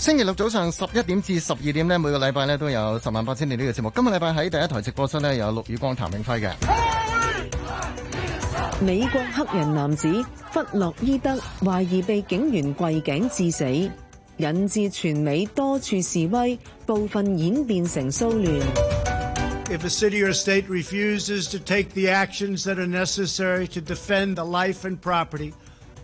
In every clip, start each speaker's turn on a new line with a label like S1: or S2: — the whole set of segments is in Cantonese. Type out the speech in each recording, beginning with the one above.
S1: 星期六早上十一點至十二點咧，每個禮拜咧都有十萬八千年呢個節目。今日禮拜喺第一台直播室咧，有陸宇光、譚永輝嘅。美國黑
S2: 人男子弗洛伊德懷疑被警員跪頸致死，引致全美多處示威，部分演變成騷亂。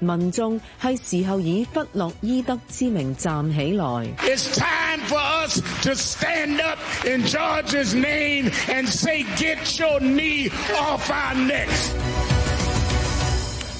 S2: 民眾係時候以弗洛伊德之名站起來。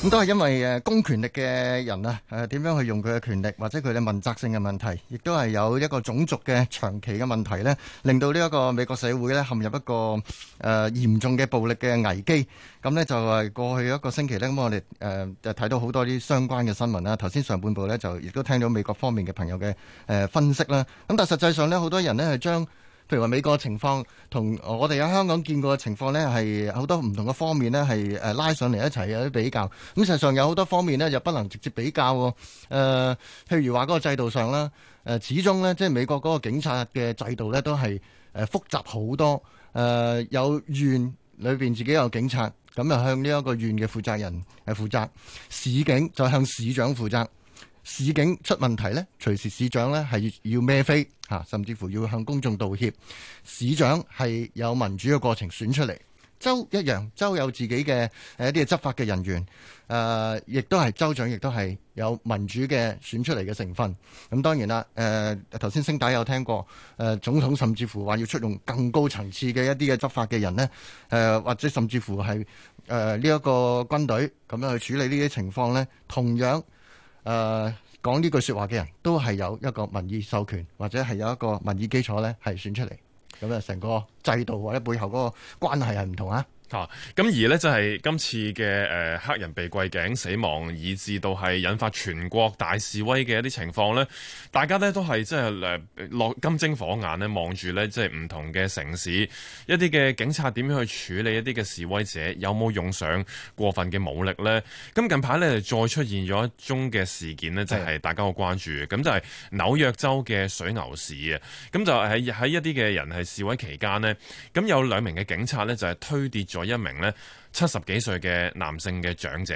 S1: 咁都係因為誒公權力嘅人啊，誒點樣去用佢嘅權力，或者佢嘅問責性嘅問題，亦都係有一個種族嘅長期嘅問題咧，令到呢一個美國社會咧陷入一個誒嚴重嘅暴力嘅危機。咁咧就係過去一個星期咧，咁我哋誒就睇到好多啲相關嘅新聞啦。頭先上半部咧就亦都聽到美國方面嘅朋友嘅誒分析啦。咁但係實際上咧，好多人咧係將。譬如話美國的情況同我哋喺香港見過嘅情況呢，係好多唔同嘅方面呢，係誒拉上嚟一齊有啲比較。咁實上有好多方面呢，又不能直接比較喎、呃。譬如話嗰個制度上啦，誒、呃、始終呢，即係美國嗰個警察嘅制度呢，都係誒複雜好多。誒、呃、有縣裏邊自己有警察，咁就向呢一個縣嘅負責人誒負責，市警就向市長負責。市警出問題呢，隨時市長呢係要孭飛吓，甚至乎要向公眾道歉。市長係有民主嘅過程選出嚟，州一樣，州有自己嘅一啲嘅執法嘅人員，誒亦都係州長，亦都係有民主嘅選出嚟嘅成分。咁當然啦，誒頭先聲帶有聽過，誒總統甚至乎話要出用更高層次嘅一啲嘅執法嘅人呢，誒或者甚至乎係誒呢一個軍隊咁樣去處理呢啲情況呢，同樣。誒，講呢、呃、句說話嘅人都係有一個民意授權，或者係有一個民意基礎咧，係選出嚟，咁啊，成個制度或者背後嗰個關係係唔同啊。
S3: 吓，咁、啊、而咧就係、是、今次嘅誒、呃、黑人被跪頸死亡，以至到係引發全國大示威嘅一啲情況咧，大家咧都係即係誒落金睛火眼咧望住咧，即係唔同嘅城市一啲嘅警察點樣去處理一啲嘅示威者，有冇用上過分嘅武力咧？咁近排咧就再出現咗一宗嘅事件咧，就係、是、大家好關注嘅。咁就係紐約州嘅水牛市啊！咁就係喺一啲嘅人係示威期間咧，咁有兩名嘅警察咧就係、是、推跌咗。一名咧七十幾歲嘅男性嘅長者，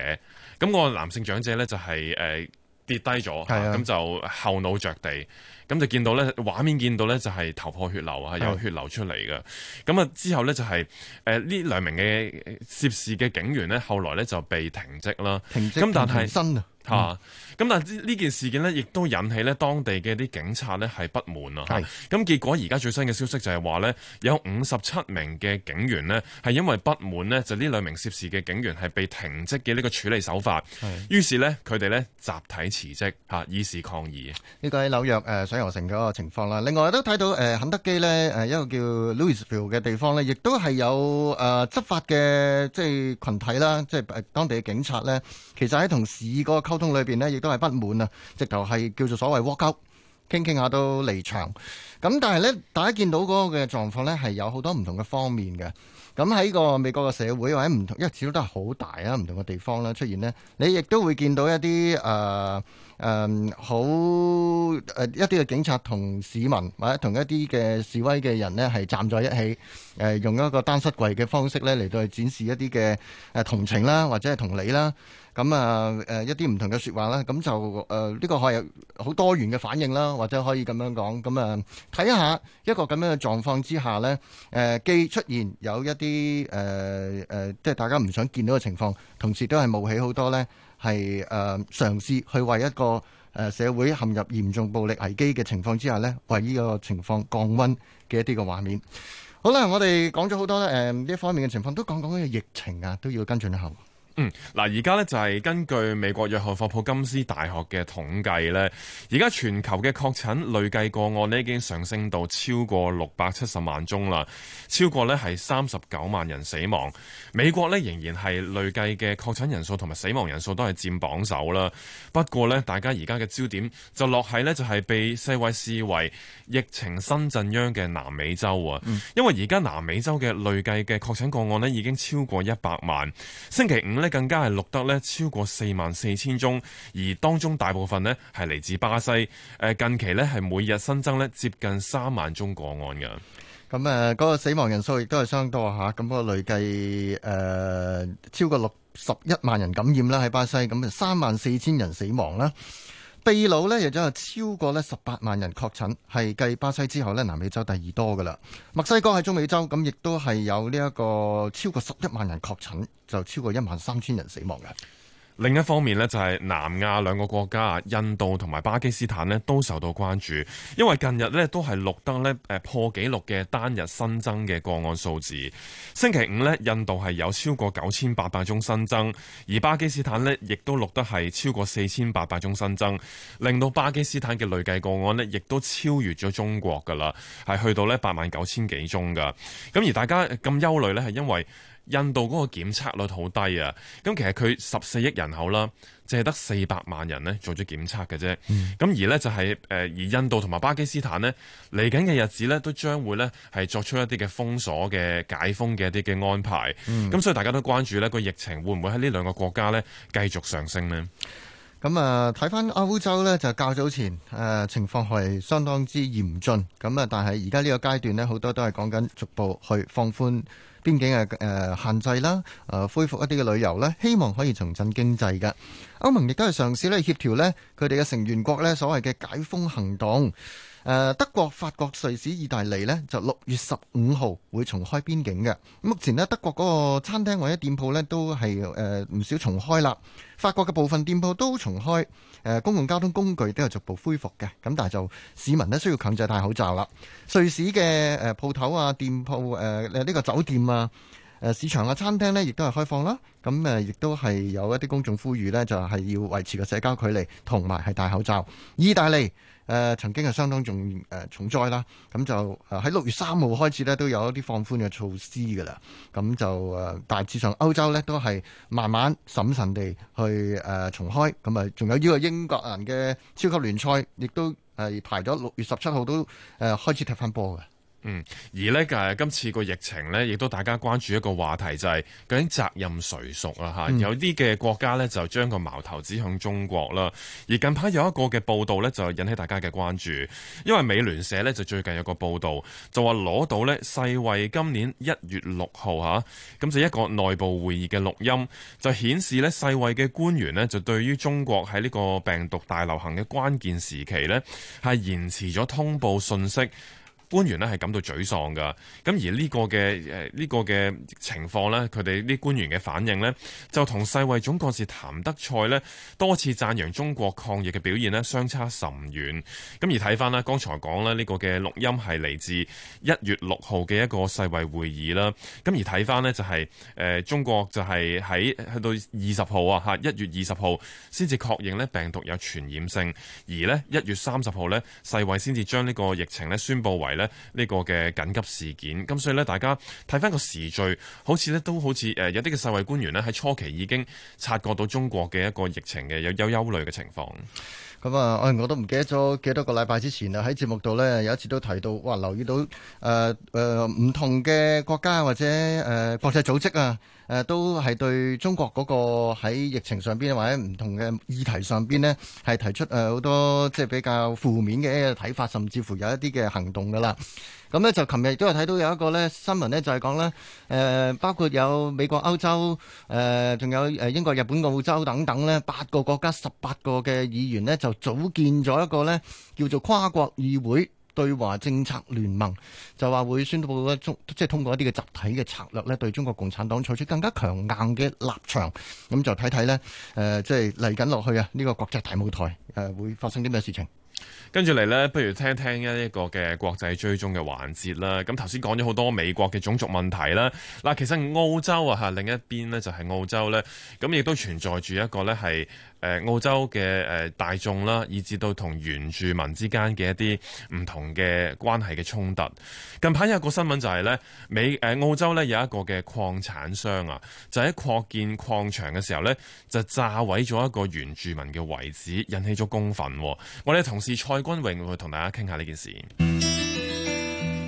S3: 咁個男性長者咧就係誒跌低咗，咁係就後腦着地，咁就見到咧畫面見到咧就係頭破血流啊，係有血流出嚟㗎，咁啊之後咧就係誒呢兩名嘅涉事嘅警員咧後來咧就被停職啦，咁但係。吓，咁、嗯啊、但係呢件事件咧，亦都引起咧當地嘅啲警察咧係不滿是啊！係咁結果而家最新嘅消息就係話咧，有五十七名嘅警員咧係因為不滿咧，就呢兩名涉事嘅警員係被停職嘅呢個處理手法，於是咧佢哋咧集體辭職吓以示抗議。
S1: 呢個喺紐約誒水牛城嗰個情況啦。另外都睇到誒肯德基咧誒一個叫 Louisville 嘅地方咧，亦都係有誒執法嘅即係群體啦，即、就、係、是、當地嘅警察咧，其實喺同市嗰個。溝通裏邊呢亦都係不滿啊，直頭係叫做所謂 walk out，傾傾下都離場。咁但係呢，大家見到嗰個嘅狀況呢，係有好多唔同嘅方面嘅。咁喺個美國嘅社會或者唔同，因為始終都係好大啊，唔同嘅地方啦出現咧，你亦都會見到一啲誒誒好誒、呃、一啲嘅警察同市民或者同一啲嘅示威嘅人咧係站在一起，誒、呃、用一個單膝跪嘅方式咧嚟到去展示一啲嘅誒同情啦，或者係同理啦。咁啊誒一啲唔同嘅說話啦，咁就誒呢、呃這個個係好多元嘅反應啦，或者可以咁樣講。咁啊睇一下一個咁樣嘅狀況之下咧，誒、呃、既出現有一。啲誒誒，即係、呃呃、大家唔想見到嘅情況，同時都係冒起好多呢，係誒、呃、嘗試去為一個誒社會陷入嚴重暴力危機嘅情況之下呢為呢個情況降溫嘅一啲個畫面。好啦，我哋講咗好多呢，誒、呃、呢一方面嘅情況，都講講緊個疫情啊，都要跟進一下。
S3: 嗯，嗱，而家咧就係根據美國約翰霍普金斯大學嘅統計咧，而家全球嘅確診累計個案咧已經上升到超過六百七十萬宗啦，超過咧係三十九萬人死亡。美國咧仍然係累計嘅確診人數同埋死亡人數都係占榜首啦。不過咧，大家而家嘅焦點就落喺咧就係被世衛視為疫情新震央嘅南美洲啊，因為而家南美洲嘅累計嘅確診個案咧已經超過一百萬，星期五咧更加係錄得咧超過四萬四千宗，而當中大部分咧係嚟自巴西。誒，近期咧係每日新增咧接近三萬宗個案嘅。
S1: 咁誒，嗰、那個死亡人數亦都係相當多吓。咁、那個累計誒、呃、超過六十一萬人感染啦，喺巴西咁啊三萬四千人死亡啦。秘魯咧亦都有超過咧十八萬人確診，係繼巴西之後咧南美洲第二多噶啦。墨西哥喺中美洲，咁亦都係有呢一個超過十一萬人確診，就超過一萬三千人死亡嘅。
S3: 另一方面呢就係南亞兩個國家印度同埋巴基斯坦呢都受到關注，因為近日呢都係錄得呢誒破紀錄嘅單日新增嘅個案數字。星期五呢，印度係有超過九千八百宗新增，而巴基斯坦呢亦都錄得係超過四千八百宗新增，令到巴基斯坦嘅累計個案呢亦都超越咗中國㗎啦，係去到呢八萬九千幾宗㗎。咁而大家咁憂慮呢，係因為，印度嗰個檢測率好低啊，咁其實佢十四億人口啦，淨係得四百萬人呢做咗檢測嘅啫。咁、嗯、而呢，就係、是、誒，而印度同埋巴基斯坦呢嚟緊嘅日子呢，都將會呢係作出一啲嘅封鎖嘅解封嘅一啲嘅安排。咁、嗯、所以大家都關注呢個疫情會唔會喺呢兩個國家呢繼續上升呢？
S1: 咁啊、嗯，睇、嗯、翻歐洲呢，就較早前誒、呃、情況係相當之嚴峻，咁啊，但係而家呢個階段呢，好多都係講緊逐步去放寬。邊境嘅限制啦，恢復一啲嘅旅遊咧，希望可以重振經濟㗎。歐盟亦都係嘗試咧協調呢，佢哋嘅成員國呢所謂嘅解封行動。誒德國、法國、瑞士、意大利呢，就六月十五號會重開邊境嘅。目前呢，德國嗰個餐廳或者店鋪呢，都係誒唔少重開啦。法國嘅部分店鋪都重開，呃，公共交通工具都有逐步恢復嘅。咁但係就市民呢需要強制戴口罩啦。瑞士嘅誒鋪頭啊、店鋪誒呢個酒店啊。誒市場嘅餐廳呢亦都係開放啦。咁誒，亦都係有一啲公眾呼籲呢，就係要維持個社交距離，同埋係戴口罩。意大利誒曾經係相當重誒重災啦。咁就喺六月三號開始呢，都有一啲放寬嘅措施噶啦。咁就誒大致上歐洲呢都係慢慢審慎地去誒重開。咁啊，仲有呢個英國人嘅超級聯賽，亦都係排咗六月十七號都誒開始踢翻波嘅。
S3: 嗯，而呢就係今次個疫情呢，亦都大家關注一個話題，就係、係、究竟責任誰屬啦、嗯、有啲嘅國家呢，就將個矛頭指向中國啦。而近排有一個嘅報道呢，就引起大家嘅關注，因為美聯社呢，就最近有個報道，就話攞到呢世衛今年一月六號嚇，咁、啊、就一個內部會議嘅錄音，就顯示呢世衛嘅官員呢，就對於中國喺呢個病毒大流行嘅關鍵時期呢，係延遲咗通報信息。官員呢係感到沮喪噶，咁而呢個嘅呢、呢個嘅情況呢，佢哋啲官員嘅反應呢，就同世衛總幹事譚德塞呢多次讚揚中國抗疫嘅表現呢相差甚遠。咁而睇翻啦，剛才講啦，呢個嘅錄音係嚟自一月六號嘅一個世衛會議啦。咁而睇翻呢，就、呃、係中國就係喺去到二十號啊吓一月二十號先至確認呢病毒有傳染性，而呢，一月三十號呢，世衛先至將呢個疫情呢宣佈為呢個嘅緊急事件，咁所以咧，大家睇翻個時序，好似咧都好似有啲嘅世衞官員呢，喺初期已經察覺到中國嘅一個疫情嘅有有憂慮嘅情況。
S1: 咁啊，誒我都唔記得咗幾多個禮拜之前啊，喺節目度咧有一次都提到，哇，留意到誒誒唔同嘅國家或者誒、呃、國際組織啊。誒、呃、都係對中國嗰個喺疫情上邊或者唔同嘅議題上邊呢係提出好、呃、多即係比較負面嘅睇法，甚至乎有一啲嘅行動噶啦。咁呢，就琴日都係睇到有一個呢新聞呢就係、係、講呢，誒、呃，包括有美國、歐洲、誒、呃、仲有英國、日本、澳洲等等呢八個國家十八個嘅議員呢就組建咗一個呢叫做跨國議會對華政策聯盟就話會宣佈一中，即係通過一啲嘅集體嘅策略咧，對中國共產黨採取更加強硬嘅立場。咁就睇睇呢，誒、呃，即係嚟緊落去啊，呢、呢個國際大舞台誒、呃，會發生啲咩事情？
S3: 跟住嚟呢，不如聽聽一一個嘅國際追蹤嘅環節啦。咁頭先講咗好多美國嘅種族問題啦。嗱，其實澳洲啊，吓另一邊呢就係澳洲呢。咁亦都存在住一個呢係誒澳洲嘅誒大眾啦，以至到同原住民之間嘅一啲唔同嘅關係嘅衝突。近排有一個新聞就係、是、呢，美誒澳洲呢有一個嘅礦產商啊，就喺擴建礦場嘅時候呢，就炸毀咗一個原住民嘅遺址，引起咗公憤。我哋同。是蔡君穎會同大家傾下呢件事。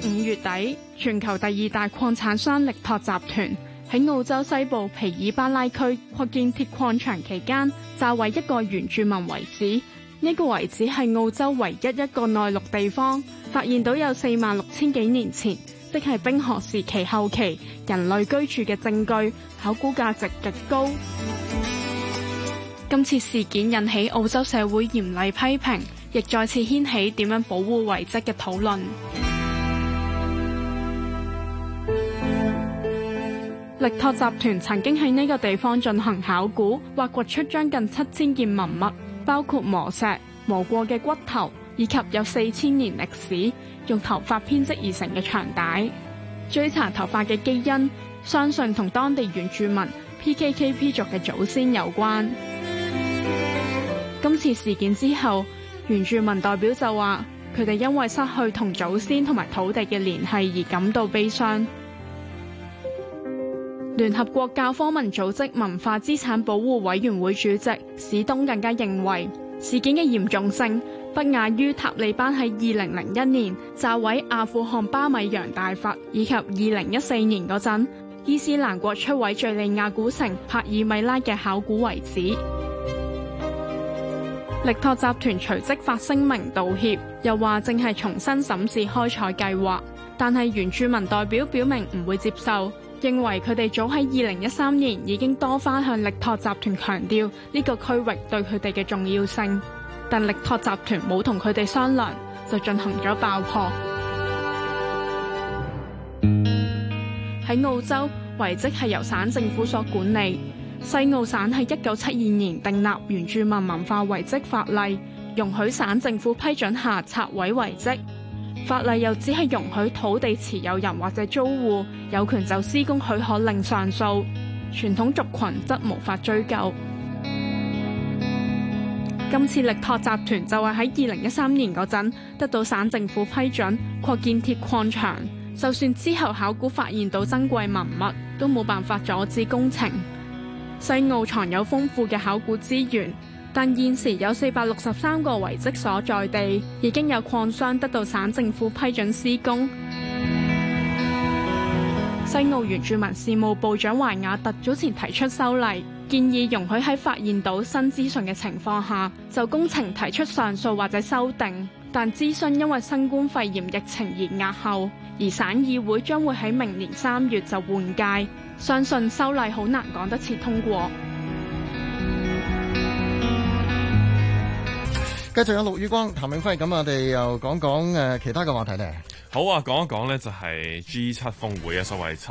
S4: 五月底，全球第二大礦產商力拓集團喺澳洲西部皮爾巴拉區擴建鐵礦場期間，炸毀一個原住民遺址。呢、這個遺址係澳洲唯一一個內陸地方，發現到有四萬六千幾年前，即係冰河時期後期人類居住嘅證據，考古價值極高。今次事件引起澳洲社會嚴厲批評。.亦再次掀起點樣保護遺跡嘅討論。力拓集團曾經喺呢個地方進行考古，挖掘出將近七千件文物，包括磨石、磨過嘅骨頭，以及有四千年歷史用頭髮編織而成嘅長帶。追查頭髮嘅基因，相信同當地原住民 PKKP 族嘅祖先有關。 今次事件之後。原住民代表就話，佢哋因為失去同祖先同埋土地嘅聯繫而感到悲傷。聯合國教科文組織文化資產保護委員會主席史東更加認為事件嘅嚴重性不亞於塔利班喺二零零一年炸毀阿富汗巴米揚大佛，以及二零一四年嗰陣伊斯蘭國摧毀敘利亞古城帕爾米拉嘅考古遺址。力拓集團隨即發聲明道歉，又話正係重新審視開採計劃，但係原住民代表表明唔會接受，認為佢哋早喺二零一三年已經多番向力拓集團強調呢個區域對佢哋嘅重要性，但力拓集團冇同佢哋商量，就進行咗爆破。喺澳洲，遺跡係由省政府所管理。西澳省喺一九七二年訂立原住民文化遺迹法例，容許省政府批准下拆毀遺迹。法例又只係容許土地持有人或者租戶有權就施工許可令上訴，傳統族群則無法追究。今次力拓集團就係喺二零一三年嗰陣得到省政府批准擴建鐵礦場，就算之後考古發現到珍貴文物，都冇辦法阻止工程。西澳藏有豐富嘅考古資源，但現時有四百六十三個遺跡所在地已經有礦商得到省政府批准施工。西澳原住民事務部長懷雅特早前提出修例，建議容許喺發現到新資訊嘅情況下，就工程提出上訴或者修訂。但諮詢因為新冠肺炎疫情而押後，而省議會將會喺明年三月就換屆。相信修例好難講得切通過。
S1: 繼續有陸于光、譚永輝，咁我哋又講講誒其他嘅話題咧。
S3: 好啊，講一講呢就係 G7 峰會啊，所謂七。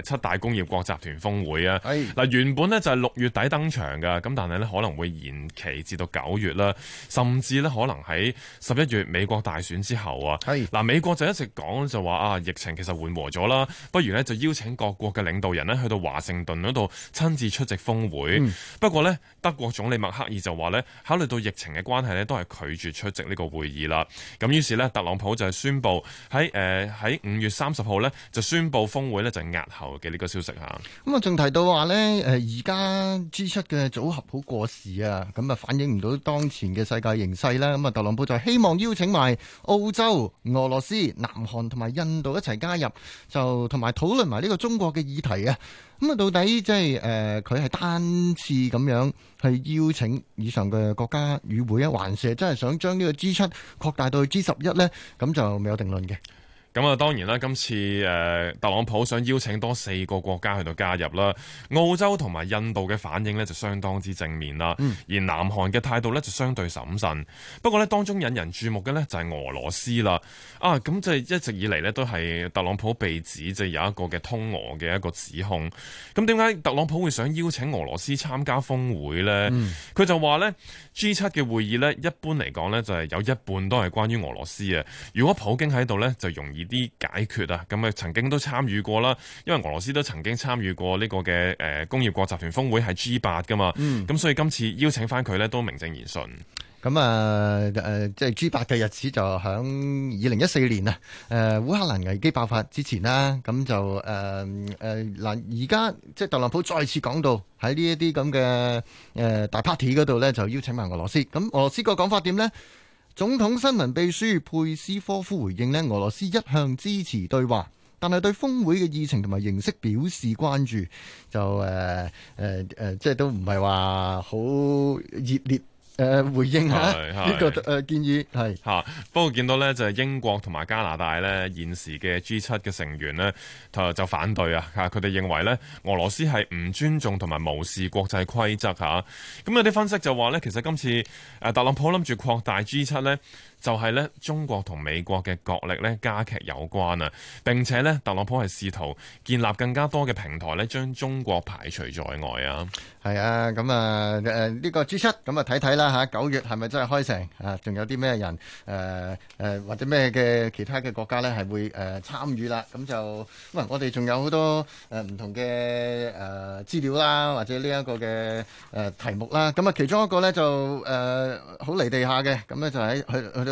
S3: 誒七大工業國集團峰會啊，嗱原本咧就係六月底登場嘅，咁但係咧可能會延期至到九月啦，甚至咧可能喺十一月美國大選之後啊，嗱美國就一直講就話啊疫情其實緩和咗啦，不如咧就邀請各國嘅領導人咧去到華盛頓嗰度親自出席峰會。不過咧德國總理默克爾就話咧考慮到疫情嘅關係咧都係拒絕出席呢個會議啦。咁於是咧特朗普就係宣布喺誒喺五月三十號咧就宣布峰會咧就押嘅呢個消息嚇，咁
S1: 啊仲提到話呢，誒而家 G7 嘅組合好過時啊，咁啊反映唔到當前嘅世界形勢啦。咁啊，特朗普就希望邀請埋澳洲、俄羅斯、南韓同埋印度一齊加入，就同埋討論埋呢個中國嘅議題啊。咁啊，到底即係誒佢係單次咁樣去邀請以上嘅國家與會啊，還是真係想將呢個 G7 擴大到 G11 呢？咁就未有定論嘅。
S3: 咁啊，當然啦，今次誒特朗普想邀請多四個國家去到加入啦，澳洲同埋印度嘅反應呢就相當之正面啦，嗯、而南韓嘅態度呢就相對審慎。不過呢，當中引人注目嘅呢就係俄羅斯啦。啊，咁即係一直以嚟呢都係特朗普被指即係有一個嘅通俄嘅一個指控。咁點解特朗普會想邀請俄羅斯參加峰會呢？佢、嗯、就話呢。G 七嘅會議咧，一般嚟講咧就係有一半都係關於俄羅斯啊。如果普京喺度咧，就容易啲解決啊。咁啊，曾經都參與過啦，因為俄羅斯都曾經參與過呢個嘅誒工業國集團峰會係 G 八㗎嘛，咁所以今次邀請返佢咧都名正言
S1: 順。咁啊，即係、呃、G 八嘅日子就喺二零一四年啊！誒、呃，烏克蘭危機爆發之前啦，咁就誒誒嗱，而、呃、家、呃、即係特朗普再次講到喺呢一啲咁嘅誒大 party 嗰度咧，就邀請埋俄羅斯。咁俄羅斯個講法點咧？總統新聞秘書佩斯科夫回應咧，俄羅斯一向支持對話，但係對峰會嘅議程同埋形式表示關注，就誒誒誒即係都唔係話好熱烈。誒、呃，回應下呢、這個誒、呃、建議係
S3: 吓，不過見到咧就係、是、英國同埋加拿大咧現時嘅 G 七嘅成員咧，就反對啊吓，佢哋認為咧俄羅斯係唔尊重同埋無視國際規則吓，咁、啊、有啲分析就話咧，其實今次誒、呃、特朗普諗住擴大 G 七咧。就係咧，中國同美國嘅角力咧加劇有關啊！並且咧，特朗普係試圖建立更加多嘅平台咧，將
S1: 中國排除在外啊！係啊，咁啊誒呢個 G7、嗯，咁啊睇睇啦吓九月係咪真係開成啊？仲有啲咩人誒誒、呃、或者咩嘅其他嘅國家咧係會誒參與啦？咁、呃、就唔係、嗯、我哋仲有好多誒唔、呃、同嘅誒資料啦，或者呢一個嘅誒、呃、題目啦。咁、嗯、啊其中一個咧就誒好、呃、離地下嘅，咁咧就喺去去。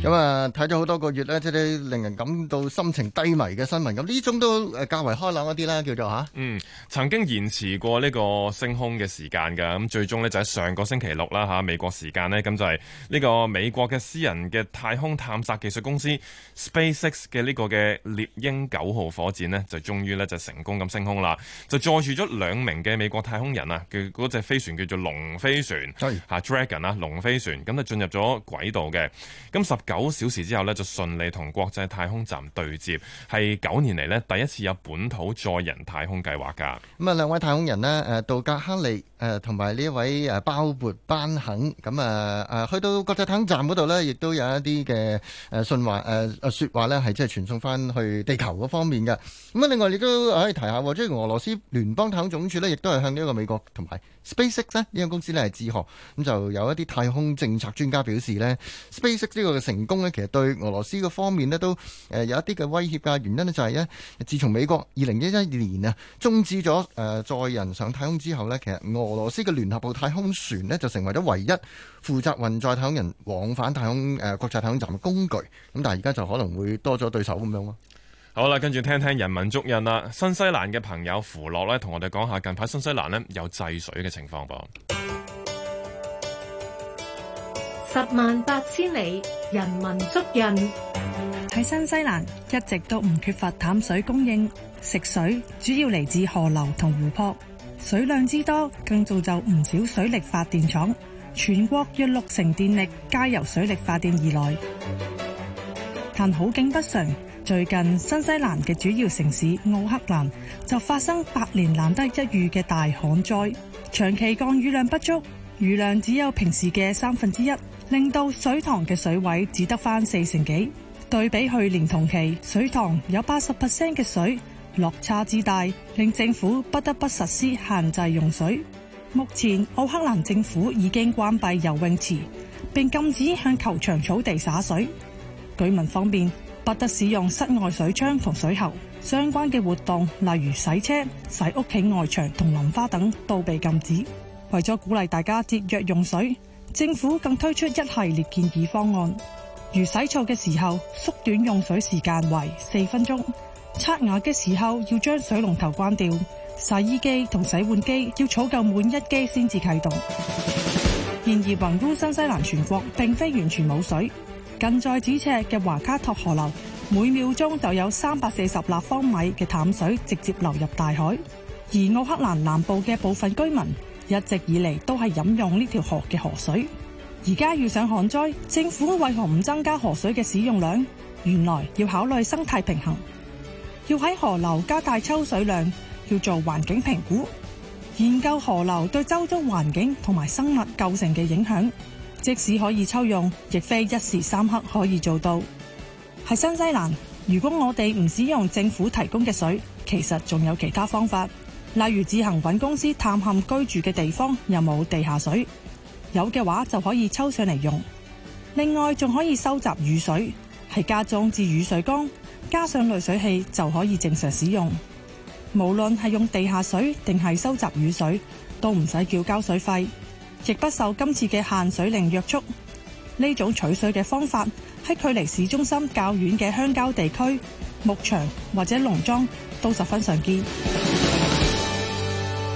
S1: 咁啊，睇咗好多個月咧，即係令人感到心情低迷嘅新聞。咁呢種都誒較為開朗一啲啦，叫做吓。
S3: 啊、嗯，曾經延遲過呢個升空嘅時間噶。咁最終咧就喺上個星期六啦，吓美國時間咧，咁就係、是、呢個美國嘅私人嘅太空探索技術公司 SpaceX 嘅呢個嘅獵鷹九號火箭咧，就終於咧就成功咁升空啦。就載住咗兩名嘅美國太空人啊，叫嗰隻飛船叫做龍飛船，係吓是 Dragon 啊龍飛船咁就進入咗軌道嘅。咁十。九小時之後呢，就順利同國際太空站對接，係九年嚟呢，第一次有本土載人太空計劃㗎。咁
S1: 啊，兩位太空人呢，誒道格克利誒同埋呢一位誒包勃班肯，咁啊啊去到國際太空站嗰度呢，亦都有一啲嘅信話誒説話呢，係即係傳送翻去地球嗰方面嘅。咁啊，另外亦都可以提下，即係俄羅斯聯邦太空總署呢，亦都係向呢一個美國同埋。SpaceX 呢間公司呢，係自學，咁就有一啲太空政策專家表示呢 SpaceX 呢個嘅成功呢，其實對俄羅斯嘅方面呢都有一啲嘅威脅㗎。原因呢就係呢，自從美國二零一一年啊終止咗誒載人上太空之後呢，其實俄羅斯嘅聯合號太空船呢，就成為咗唯一負責運載太空人往返太空誒、呃、國際太空站嘅工具。咁但係而家就可能會多咗對手咁樣咯。
S3: 好啦，跟住聽聽人文足印啦。新西蘭嘅朋友符樂咧，同我哋講下近排新西蘭咧有制水嘅情況噃。十
S5: 萬八千里，人文足印喺新西蘭一直都唔缺乏淡水供應，食水主要嚟自河流同湖泊，水量之多更造就唔少水力發電廠，全國約六成電力皆由水力發電而來。但好景不常。最近，新西蘭嘅主要城市奧克蘭就發生百年難得一遇嘅大旱災，長期降雨量不足，雨量只有平時嘅三分之一，令到水塘嘅水位只得翻四成幾，對比去年同期，水塘有八十 percent 嘅水，落差之大，令政府不得不實施限制用水。目前，奧克蘭政府已經關閉游泳池，並禁止向球場草地灑水。居民方面。不得使用室外水槍同水喉相關嘅活動，例如洗車、洗屋企外牆同淋花等都被禁止。為咗鼓勵大家節約用水，政府更推出一系列建議方案，如洗澡嘅時候縮短用水時間為四分鐘，刷牙嘅時候要將水龍頭關掉，洗衣機同洗碗機要儲夠滿一機先至啟動。然而文污，新西蘭全國並非完全冇水。近在咫尺嘅華卡托河流，每秒鐘就有三百四十立方米嘅淡水直接流入大海。而奧克蘭南部嘅部分居民一直以嚟都係飲用呢條河嘅河水。而家遇上旱災，政府為何唔增加河水嘅使用量？原來要考慮生態平衡，要喺河流加大抽水量，要做環境評估，研究河流對周遭環境同埋生物構成嘅影響。即使可以抽用，亦非一時三刻可以做到。喺新西蘭，如果我哋唔使用政府提供嘅水，其實仲有其他方法，例如自行搵公司探勘居住嘅地方有冇地下水，有嘅話就可以抽上嚟用。另外仲可以收集雨水，係加裝至雨水缸，加上濾水器就可以正常使用。無論係用地下水定係收集雨水，都唔使叫交水費。亦不受今次嘅限水令約束。呢種取水嘅方法喺距離市中心較遠嘅鄉郊地區、牧場或者農莊都十分常見。